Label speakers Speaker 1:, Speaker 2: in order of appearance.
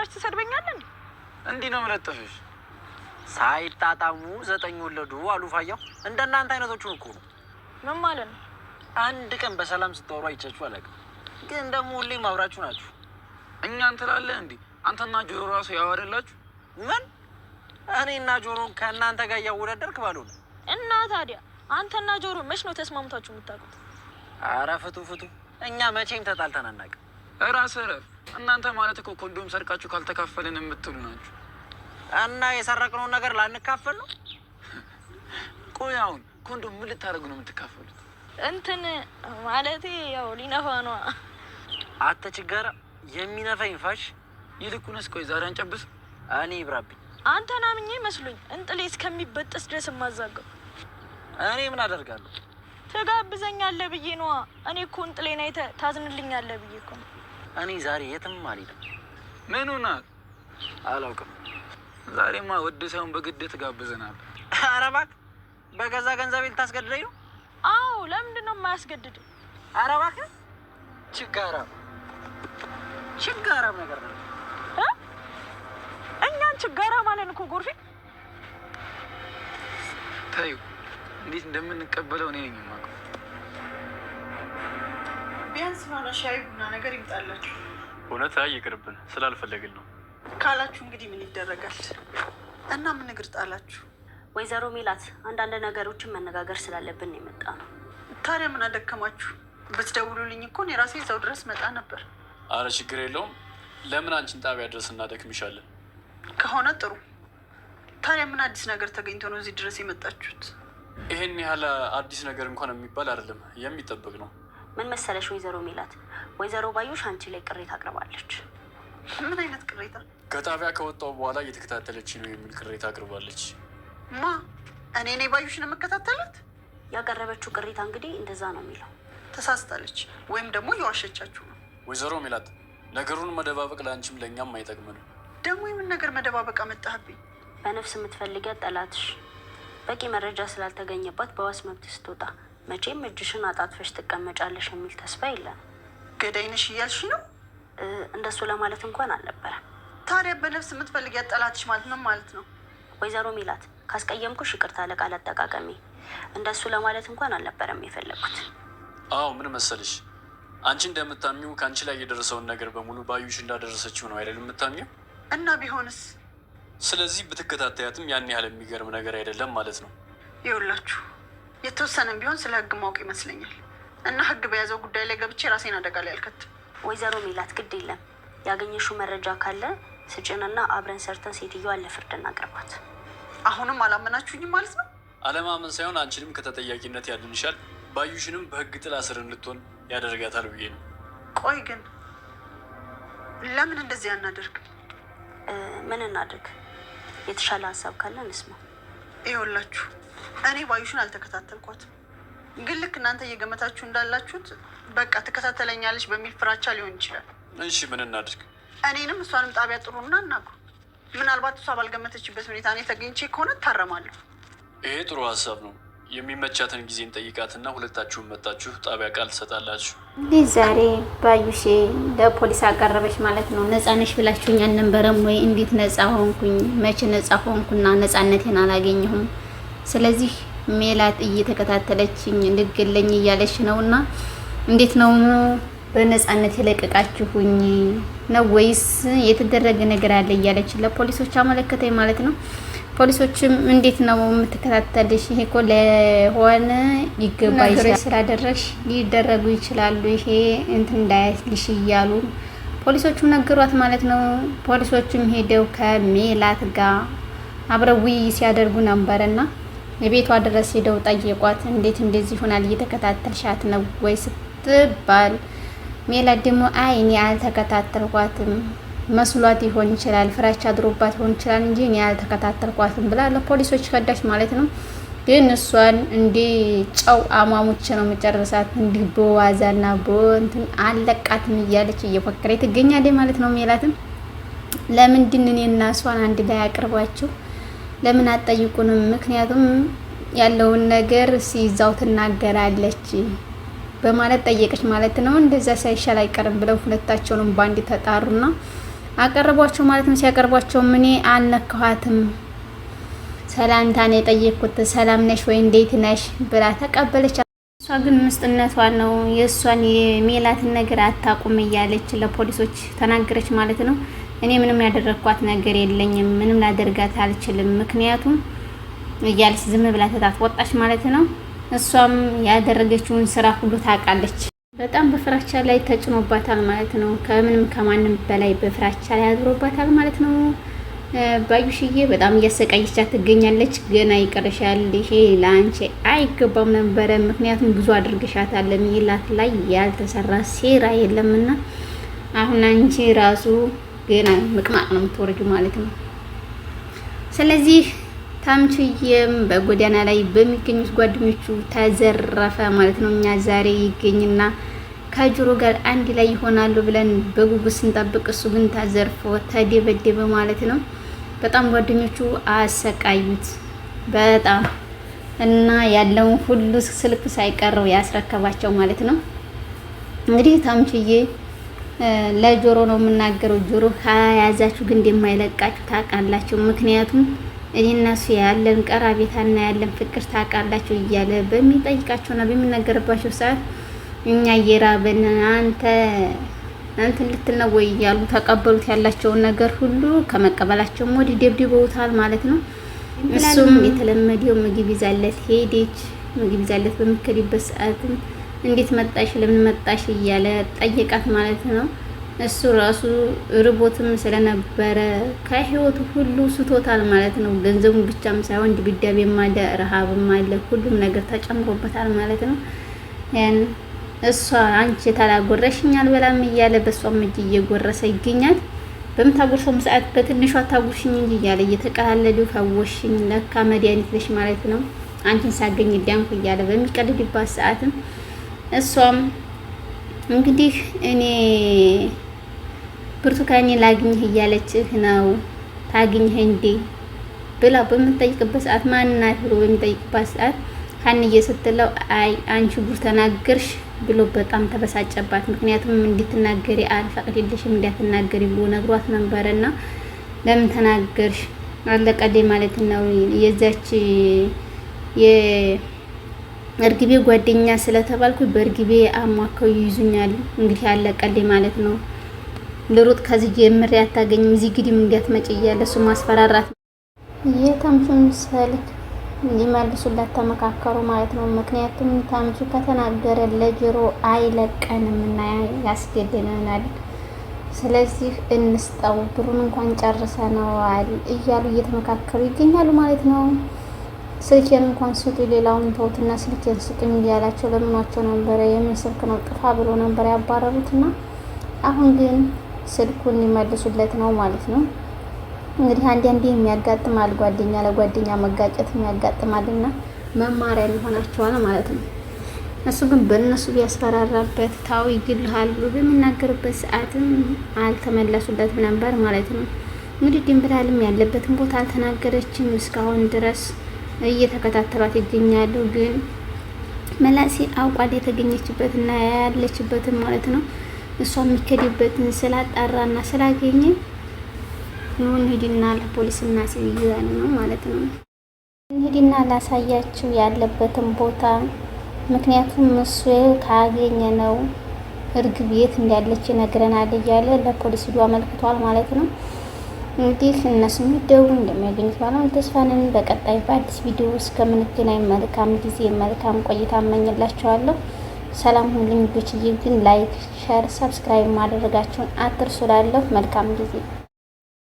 Speaker 1: አብራች ትሰድበኛለን።
Speaker 2: እንዲህ ነው የምለጥፍሽ።
Speaker 3: ሳይጣጣሙ ዘጠኝ ወለዱ አሉ ፋያው። እንደ እናንተ አይነቶቹን እኮ ነው። ምን ማለት ነው? አንድ ቀን በሰላም ስታወሩ አይቻችሁ አላውቅም። ግን ደግሞ ሁሌም አብራችሁ ናችሁ።
Speaker 2: እኛን እንትላለን እንዴ? አንተና ጆሮ ራሱ ያወደላችሁ?
Speaker 3: ምን እኔና ጆሮ ከእናንተ ጋር እያወዳደርክ ባልሆነ
Speaker 1: እና ታዲያ አንተና ጆሮ መች ነው ተስማምታችሁ የምታውቁት?
Speaker 3: አረ ፍቱ ፍቱ። እኛ መቼም ተጣልተን አናውቅም።
Speaker 2: ራስ እናንተ ማለት እኮ ኮንዶም ሰርቃችሁ ካልተካፈልን የምትሉ ናችሁ።
Speaker 3: እና የሰረቅነውን ነገር ላንካፈል ነው?
Speaker 2: ቆይ አሁን ኮንዶም ምን ልታደርጉ ነው የምትካፈሉት?
Speaker 1: እንትን ማለት ያው ሊነፋ ነዋ።
Speaker 3: አተ ችጋራ የሚነፋኝ ይንፋሽ።
Speaker 2: ይልቁንስ፣ ቆይ ዛሬ አንጨብስ።
Speaker 3: እኔ ይብራብኝ።
Speaker 1: አንተ ናምኜ ይመስሉኝ እንጥሌ እስከሚበጠስ ድረስ የማዛገው
Speaker 3: እኔ ምን አደርጋለሁ?
Speaker 1: ትጋብዘኛለህ ብዬ ነዋ። እኔ እኮ እንጥሌን አይተህ ታዝንልኛለህ ብዬ እኮ ነው
Speaker 3: እኔ ዛሬ የትም አልሄድም። ምን ሆናል? አላውቅም።
Speaker 2: ዛሬማ ወድ ሰውን በግድ ትጋብዘናል።
Speaker 3: ኧረ እባክህ በገዛ ገንዘቤ ልታስገድደኝ ነው?
Speaker 1: አዎ። ለምንድን ነው የማያስገድድ?
Speaker 3: ኧረ እባክህ ችጋራም ችጋራም ነገር ነው።
Speaker 1: እኛን ችጋራ ማለት እኮ ጎርፌ
Speaker 2: ታዩ እንዴት እንደምንቀበለው እኔ ነኝ
Speaker 4: ቢያንስ የሆነ ሻይ ቡና ነገር ይምጣላችሁ።
Speaker 2: እውነት አይ ይቅርብን ስላልፈለግን ነው
Speaker 4: ካላችሁ እንግዲህ ምን ይደረጋል እና ምን እግር ጣላችሁ።
Speaker 5: ወይዘሮ ሜላት አንዳንድ ነገሮችን መነጋገር ስላለብን የመጣ ነው።
Speaker 4: ታዲያ ምን አደከማችሁ? ብትደውሉልኝ እኮ እኔ ራሴ እዛው ድረስ መጣ ነበር።
Speaker 2: አረ ችግር የለውም። ለምን አንቺን ጣቢያ ድረስ እናደክምሻለን?
Speaker 4: ከሆነ ጥሩ። ታዲያ ምን አዲስ ነገር ተገኝቶ ነው እዚህ ድረስ የመጣችሁት?
Speaker 2: ይህን ያህል አዲስ ነገር እንኳን የሚባል አይደለም፣ የሚጠበቅ ነው።
Speaker 5: ምን መሰለሽ ወይዘሮ ሜላት፣ ወይዘሮ ባዩሽ አንቺ ላይ ቅሬታ አቅርባለች።
Speaker 4: ምን አይነት ቅሬታ?
Speaker 2: ከጣቢያ ከወጣው በኋላ እየተከታተለች ነው የሚል ቅሬታ አቅርባለች።
Speaker 4: ማ? እኔ እኔ ባዩሽን የምከታተላት?
Speaker 5: ያቀረበችው ቅሬታ እንግዲህ እንደዛ ነው የሚለው።
Speaker 4: ተሳስታለች ወይም ደግሞ እየዋሸቻችሁ ነው።
Speaker 2: ወይዘሮ ሜላት፣ ነገሩን መደባበቅ ለአንቺም ለእኛም አይጠቅም ነው።
Speaker 4: ደግሞ የምን ነገር መደባበቅ አመጣህብኝ?
Speaker 5: በነፍስ የምትፈልጊያት ጠላትሽ በቂ መረጃ ስላልተገኘባት በዋስ መብት ስትወጣ መቼም እጅሽን አጣጥፈሽ ትቀመጫለሽ የሚል ተስፋ የለም።
Speaker 4: ገዳይነሽ እያልሽ ነው?
Speaker 5: እንደሱ ለማለት እንኳን አልነበረም።
Speaker 4: ታዲያ በነፍስ የምትፈልግ ያጠላትሽ ማለት ነው ማለት ነው።
Speaker 5: ወይዘሮ ሚላት ካስቀየምኩሽ ይቅርታ ለቃል አጠቃቀሜ። እንደሱ ለማለት እንኳን አልነበረም የፈለግኩት።
Speaker 2: አዎ ምን መሰልሽ፣ አንቺ እንደምታሚው ከአንቺ ላይ የደረሰውን ነገር በሙሉ ባዩሽ እንዳደረሰችው ነው አይደል የምታሚው?
Speaker 4: እና ቢሆንስ?
Speaker 2: ስለዚህ ብትከታተያትም ያን ያህል የሚገርም ነገር አይደለም ማለት ነው።
Speaker 4: ይውላችሁ የተወሰነም ቢሆን ስለ ህግ ማወቅ ይመስለኛል። እና ህግ በያዘው ጉዳይ ላይ ገብቼ ራሴን አደጋ ላይ አልከትም።
Speaker 5: ወይዘሮ ሚላት ግድ የለም ያገኘሽው መረጃ ካለ ስጭንና አብረን ሰርተን ሴትዮዋን ለፍርድ እናቅርባት።
Speaker 4: አሁንም አላመናችሁኝም ማለት ነው?
Speaker 2: አለማመን ሳይሆን አንቺንም ከተጠያቂነት ያድንሻል፣ ባዩሽንም በህግ ጥላ ስር እንድትሆን ያደርጋታል ብዬ ነው።
Speaker 4: ቆይ ግን ለምን እንደዚህ አናደርግ?
Speaker 5: ምን እናድርግ? የተሻለ ሀሳብ ካለ እንስማ።
Speaker 4: ይኸውላችሁ እኔ ባዩሽን አልተከታተልኳትም፣ ግን ልክ እናንተ እየገመታችሁ እንዳላችሁት በቃ ትከታተለኛለች በሚል ፍራቻ ሊሆን ይችላል።
Speaker 2: እሺ ምን እናድርግ?
Speaker 4: እኔንም እሷንም ጣቢያ ጥሩና እናግሩ። ምናልባት እሷ ባልገመተችበት ሁኔታ እኔ ተገኝቼ ከሆነ እታረማለሁ።
Speaker 2: ይሄ ጥሩ ሀሳብ ነው። የሚመቻትን ጊዜ እንጠይቃትና ሁለታችሁም መጣችሁ ጣቢያ ቃል ትሰጣላችሁ።
Speaker 6: እንዲህ ዛሬ ባዩሼ ለፖሊስ አቀረበች ማለት ነው። ነፃ ነሽ ብላችሁኝ አልነበረም ወይ? እንዴት ነፃ ሆንኩኝ? መቼ ነጻ ሆንኩና ነጻነቴን አላገኘሁም። ስለዚህ ሜላት እየተከታተለችኝ ልግለኝ እያለች ነውና እንዴት ነው በነፃነት የለቀቃችሁኝ ነው ወይስ የተደረገ ነገር አለ እያለች ለፖሊሶች አመለከተኝ ማለት ነው። ፖሊሶችም እንዴት ነው የምትከታተልሽ? ይሄ እኮ ለሆነ ይገባ ይችላል ስላደረግሽ ሊደረጉ ይችላሉ፣ ይሄ እንትን እንዳያልሽ እያሉ ፖሊሶቹም ነገሯት ማለት ነው። ፖሊሶቹም ሄደው ከሜላት ጋር አብረው ውይ ሲያደርጉ ነበረና የቤቷ ድረስ ሄደው ጠየቋት። እንዴት እንደዚህ ይሆናል እየተከታተልሻት ነው ወይ ስትባል ሜላት ደግሞ አይ እኔ አልተከታተልኳትም መስሏት ይሆን ይችላል፣ ፍራቻ አድሮባት ይሆን ይችላል እንጂ እኔ አልተከታተልኳትም ብላ ለፖሊሶች ከዳች ማለት ነው። ግን እሷን እንዲ ጨው አሟሙቼ ነው መጨረሳት እንዲህ በዋዛና በእንትን አለቃትም እያለች እየፎከረ ትገኛለች ማለት ነው። ሜላትም ለምንድን እና እሷን አንድ ላይ አቅርባችሁ ለምን አጠይቁንም? ምክንያቱም ያለውን ነገር ሲይዛው ትናገራለች በማለት ጠየቀች ማለት ነው። እንደዛ ሳይሻል አይቀርም ብለው ሁለታቸውንም በአንድ ተጣሩና አቀርቧቸው ማለት ነው። ሲያቀርቧቸው እኔ አልነካኋትም። ሰላምታን የጠየቅኩት ሰላም ነሽ ወይ እንዴት ነሽ ብላ ተቀበለች። እሷ ግን ምስጥነቷ ነው የእሷን የሜላትን ነገር አታቁም እያለች ለፖሊሶች ተናገረች ማለት ነው። እኔ ምንም ያደረግኳት ነገር የለኝም፣ ምንም ላደርጋት አልችልም፣ ምክንያቱም እያለች ዝም ብላ ትታት ወጣች ማለት ነው። እሷም ያደረገችውን ስራ ሁሉ ታውቃለች። በጣም በፍራቻ ላይ ተጭኖባታል ማለት ነው። ከምንም ከማንም በላይ በፍራቻ ላይ አድሮባታል ማለት ነው። ባዩሽዬ በጣም እያሰቃየቻት ትገኛለች። ገና ይቀርሻል፣ ይሄ ለአንቺ አይገባም ነበረ፣ ምክንያቱም ብዙ አድርገሻታል ሚላት ላይ ያልተሰራ ሴራ የለምና አሁን አንቺ ራሱ ገና ምቅማቅ ነው የምትወርጁ ማለት ነው። ስለዚህ ታምቹዬም በጎዳና ላይ በሚገኙት ጓደኞቹ ተዘረፈ ማለት ነው። እኛ ዛሬ ይገኝና ከጆሮ ጋር አንድ ላይ ይሆናሉ ብለን በጉጉት ስንጠብቅ እሱ ግን ተዘርፎ ተደበደበ ማለት ነው። በጣም ጓደኞቹ አሰቃዩት በጣም እና ያለውን ሁሉ ስልክ ሳይቀረው ያስረከባቸው ማለት ነው። እንግዲህ ታምችዬ ለጆሮ ነው የምናገረው። ጆሮ ከያዛችሁ ግን እንደማይለቃችሁ ታውቃላችሁ። ምክንያቱም እኔ እሱ ያለን ቀራቤታና ያለን ፍቅር ታውቃላችሁ እያለ በሚጠይቃቸውና በሚናገርባቸው ሰዓት እኛ እየራብን አንተ አንተ ልትል ወይ እያሉ ተቀበሉት። ያላቸውን ነገር ሁሉ ከመቀበላቸውም ወዲህ ደብድበውታል ማለት ነው። እሱም የተለመደው ምግብ ይዛለት ሄደች። ምግብ ይዛለት በምትከድበት ሰዓትም እንዴት መጣሽ ለምን መጣሽ እያለ ጠየቃት ማለት ነው። እሱ ራሱ ርቦትም ስለነበረ ከህይወቱ ሁሉ ስቶታል ማለት ነው። ገንዘቡን ብቻም ሳይሆን ድብዳቤም አለ፣ ረሃብም አለ፣ ሁሉም ነገር ተጨምሮበታል ማለት ነው ያን እሷ አንቺ ታላጎረሽኝ በላም እያለ በእሷም እጅ እየጎረሰ ይገኛል። በምታጎርሰውም ሰዓት በትንሿ አታጉርሽኝ እንጂ እያለ እየተቀላለዱ ፈወሽኝ፣ ለካ መድኃኒት ነሽ ማለት ነው፣ አንቺን ሳገኝ ዳንኩ እያለ በሚቀልድባት ሰዓትም እሷም እንግዲህ እኔ ብርቱካኔ ላግኝህ እያለችህ ነው ታግኝህ እንዴ ብላ በምትጠይቅበት ሰዓት ማን ናት ብሎ በሚጠይቅበት ሰዓት ሀንዬ ስትለው አይ አንቺ ጉር ተናገርሽ ብሎ በጣም ተበሳጨባት። ምክንያቱም እንድትናገሪ አልፈቅድልሽም እንዳትናገሪ ብሎ ነግሯት ነበረ እና ለምን ተናገርሽ አለቀዴ ማለት ነው የዛች እርግቤ ጓደኛ ስለተባልኩ በእርግቤ አሟከው ይይዙኛል። እንግዲህ አለቀዴ ማለት ነው። ልሩጥ ከዚህ ጀምሬ አታገኝም እዚህ ግድም እንዳትመጪ እያለ እሱ ማስፈራራት የተምቹን ሰልክ ሊመልሱለት ተመካከሩ ማለት ነው። ምክንያቱም ታምቹ ከተናገረ ለጆሮ አይለቀንም እና ያስገድለናል። ስለዚህ እንስጠው ብሩን እንኳን ጨርሰነዋል እያሉ እየተመካከሩ ይገኛሉ ማለት ነው። ስልኬን እንኳን ስጡ፣ ሌላውን ተውትና ስልኬን ስጡኝ እያላቸው ለምኗቸው ነበረ። የምን ስልክ ነው ጥፋ ብሎ ነበር ያባረሩትና አሁን ግን ስልኩን ሊመልሱለት ነው ማለት ነው። እንግዲህ አንዳንዴ የሚያጋጥማል ጓደኛ ለጓደኛ መጋጨት የሚያጋጥማልና መማሪያ ሊሆናቸዋል ማለት ነው። እሱ ግን በእነሱ ቢያስፈራራበት ታዊ ይግልሃል ብሎ በሚናገርበት ሰዓትም አልተመለሱለትም ነበር ማለት ነው። እንግዲህ ድንብላልም ያለበትን ቦታ አልተናገረችም። እስካሁን ድረስ እየተከታተሏት ይገኛሉ። ግን መላሴ አውቋል የተገኘችበትና ያለችበትን ማለት ነው እሷ የሚከድበትን ስላጣራና ስላገኘ ኑን ሂድና ለፖሊስ ሲይዛን ነው ማለት ነው። ሂድና ላሳያችሁ ያለበትን ቦታ ምክንያቱም እሱ ካገኘ ነው እርግብ የት እንዳለች ይነግረናል እያለ ለፖሊስ ሂዶ አመልክቷል ማለት ነው። እንግዲህ እነሱ የሚደው እንደሚያገኙት ነው። ተስፋንን። በቀጣይ በአዲስ ቪዲዮ እስከምንገናኝ መልካም ጊዜ መልካም ቆይታ እመኝላችኋለሁ። ሰላም ሁሉም ልጆችዬ፣ ግን ላይክ፣ ሸር፣ ሰብስክራይብ ማድረጋችሁን አትርሱ። ላለሁ መልካም ጊዜ